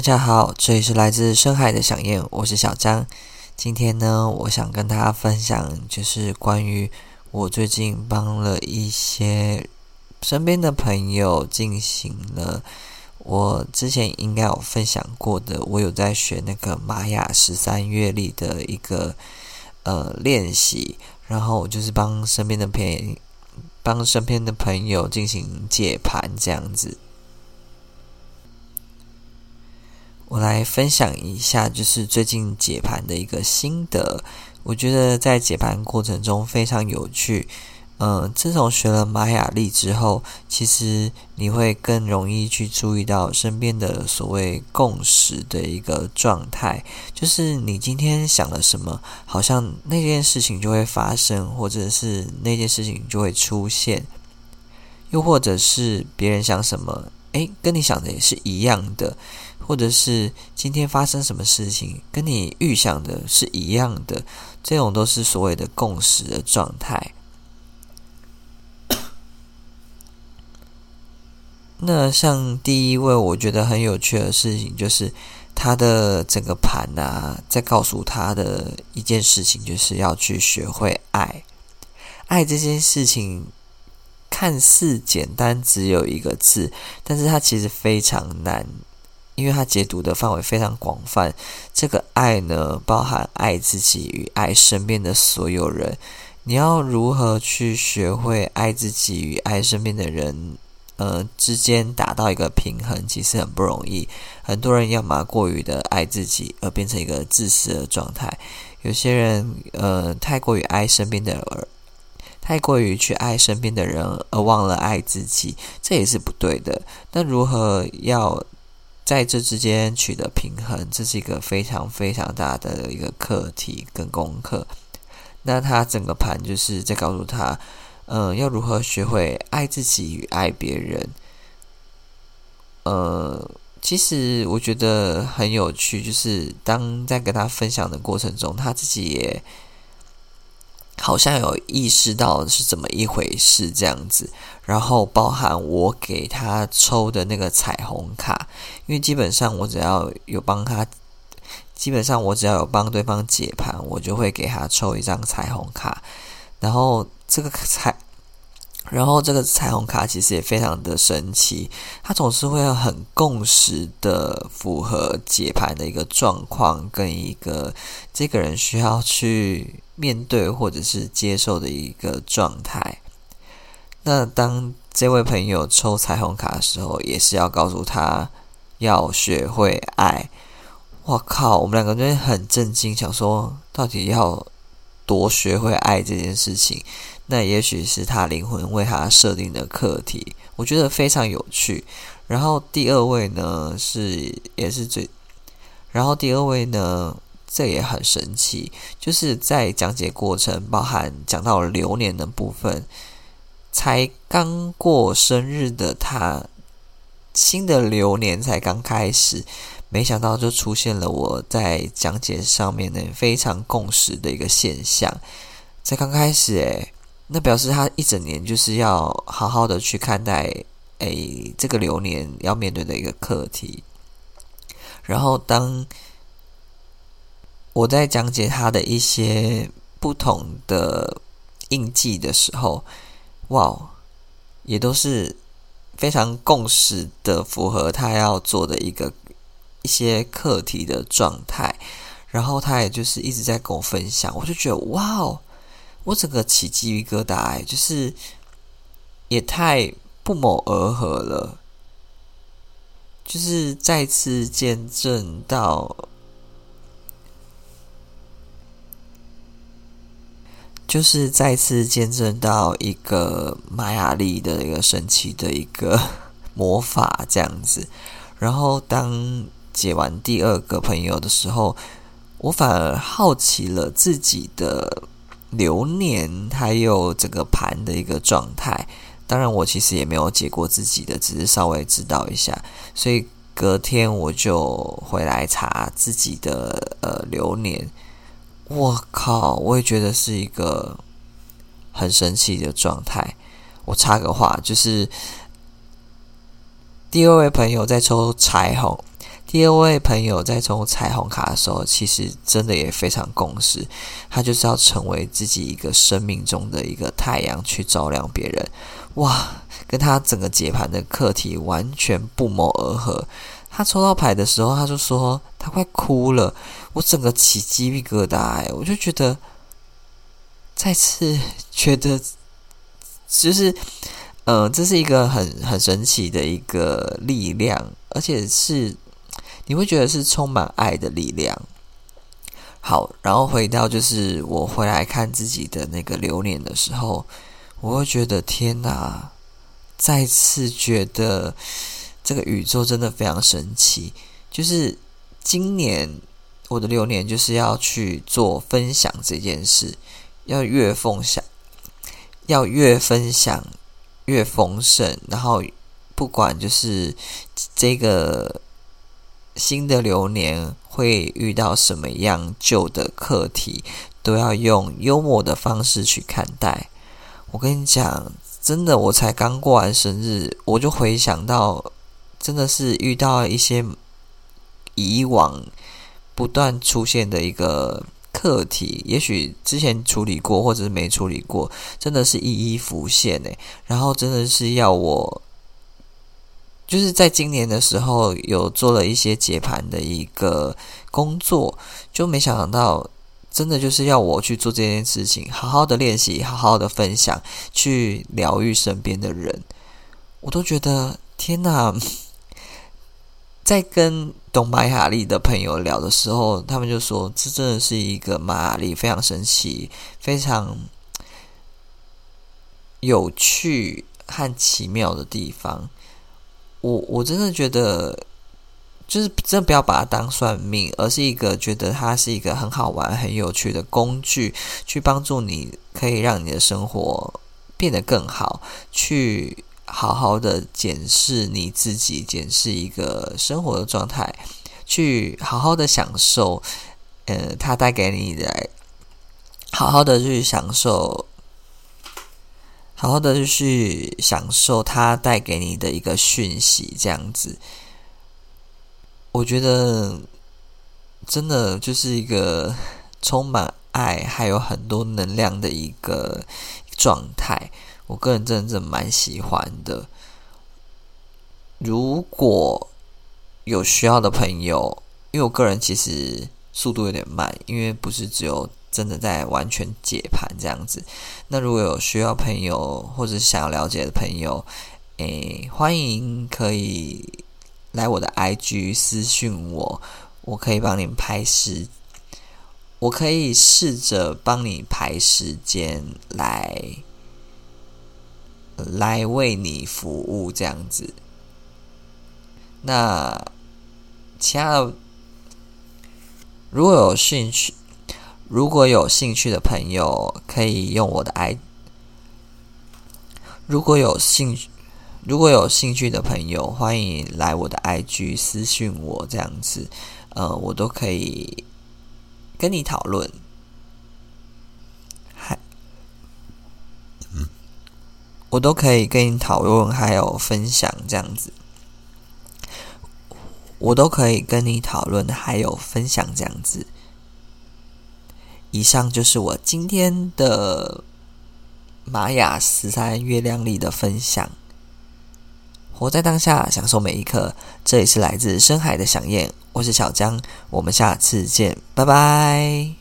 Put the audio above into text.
大家好，這裡是來自深海的響燕，我是小張。今天呢，我想跟大家分享，就是關於我最近幫了一些身邊的朋友進行了。我之前應該有分享過的，我有在學那個瑪雅十三月曆的一個呃練習，然後我就是幫身邊的朋友，幫身邊的朋友進行解盤這樣子。我來分享一下，就是最近解盤的一個心得。我覺得在解盤過程中非常有趣。嗯、呃，自從學了瑪雅曆之後，其實你會更容易去注意到身邊的所謂共時的一個狀態，就是你今天想了什麼，好像那件事情就會發生，或者是那件事情就會出現，又或者是別人想什麼，誒，跟你想的也是一樣的。或者是今天發生什麼事情，跟你預想的是一樣的，這種都是所謂的共時的狀態。 那像第一位，我覺得很有趣的事情，就是他的整個盤啊，在告訴他的一件事情，就是要去學會愛。愛這件事情看似簡單，只有一個字，但是它其實非常難。因為它解讀的範圍非常廣泛，這個愛呢，包含愛自己與愛身邊的所有人。你要如何去學會愛自己與愛身邊的人，呃，之間達到一個平衡，其實很不容易。很多人要麼過於的愛自己而變成一個自私的狀態，有些人嗯、呃，太過於愛身邊的人，太過於去愛身邊的人而忘了愛自己，這也是不對的。那如何要，在這之間取得平衡，這是一個非常非常大的一個課題跟功課。那他整個盤就是在告訴他，嗯、呃，要如何學會愛自己與愛別人。呃，其實我覺得很有趣，就是當在跟他分享的過程中，他自己也。好像有意識到是怎麼一回事這樣子，然後包含我給他抽的那個彩虹卡，因為基本上我只要有幫他，基本上我只要有幫對方解盤，我就會給他抽一張彩虹卡。然後這個彩，然後這個彩虹卡其實也非常的神奇，它總是會有很共時的符合解盤的一個狀況跟一個這個人需要去。面對或者是接受的一個狀態。那當這位朋友抽彩虹卡的時候，也是要告訴他要學會愛。我靠，我們兩個人就很震驚，想說到底要多學會愛這件事情。那也許是他靈魂為他設定的課題，我覺得非常有趣。然後第二位呢，是，也是最，然後第二位呢。這也很神奇，就是在講解過程，包含講到流年的部分，才剛過生日的他，新的流年才剛開始，沒想到就出現了我在講解上面呢非常共時的一個現象，在剛開始誒，那表示他一整年就是要好好的去看待誒這個流年要面對的一個課題，然後當。我在講解他的一些不同的印記的時候，哇，也都是非常共時的，符合他要做的一個一些課題的狀態。然後他也就是一直在跟我分享，我就覺得哇，我整個起雞皮疙瘩，就是也太不謀而合了，就是再次見證到。就是再次見證到一個馬雅曆的一個神奇的一個魔法這樣子，然後當解完第二個朋友的時候，我反而好奇了自己的流年還有這個盤的一個狀態。當然，我其實也沒有解過自己的，只是稍微知道一下，所以隔天我就回來查自己的呃流年。我靠！我也覺得是一個很神奇的狀態。我插個話，就是第二位朋友在抽彩虹，第二位朋友在抽彩虹卡的時候，其實真的也非常共時，他就是要成為自己一個生命中的一個太陽，去照亮別人。哇，跟他整個解盤的課題完全不謀而合。他抽到牌的時候，他就說他快哭了，我整個起雞皮疙瘩，哎，我就覺得再次覺得，就是，嗯、呃，這是一個很很神奇的一個力量，而且是你會覺得是充滿愛的力量。好，然後回到就是我回來看自己的那個流年的時候，我會覺得天哪、啊，再次覺得。這個宇宙真的非常神奇。就是今年我的流年就是要去做分享這件事，要越分享，要越分享越豐盛。然後不管就是這個新的流年會遇到什麼樣舊的課題，都要用幽默的方式去看待。我跟你講，真的，我才剛過完生日，我就回想到。真的是遇到一些以往不斷出現的一個課題，也許之前處理過，或者是沒處理過，真的是一一浮現誒。然後真的是要我，就是在今年的時候有做了一些解盤的一個工作，就沒想到真的就是要我去做這件事情，好好的練習，好好的分享，去療癒身邊的人，我都覺得天哪！在跟懂馬雅曆的朋友聊的時候，他們就說：“這真的是一個馬雅曆非常神奇、非常有趣和奇妙的地方。”我我我真的覺得，就是真的不要把它當算命，而是一個覺得它是一個很好玩、很有趣的工具，去幫助你，可以讓你的生活變得更好。去。好好的檢視你自己，檢視一個生活的狀態，去好好的享受，呃，它帶給你的好好的去享受，好好的去享受它帶給你的一個訊息，這樣子，我覺得真的就是一個充滿愛還有很多能量的一個狀態。我個人真的是蠻喜歡的。如果有需要的朋友，因為我個人其實速度有點慢，因為不是只有真的在完全解盤這樣子。那如果有需要朋友或者想要了解的朋友，誒、哎，歡迎可以來我的 IG 私訊我，我可以幫你排時，我可以試着幫你排時間來。來為你服務這樣子。那，其他的如果有興趣，如果有興趣的朋友，可以用我的 i。如果有興趣，如果有興趣的朋友的 i，朋友歡迎來我的 IG 私信我這樣子，呃，我都可以跟你討論。我都可以跟你討論，還有分享這樣子。我都可以跟你討論，還有分享這樣子。以上就是我今天的瑪雅十三月亮曆的分享。活在當下，享受每一刻。這裡是來自深海的想念。我是小江。我們下次見，拜拜。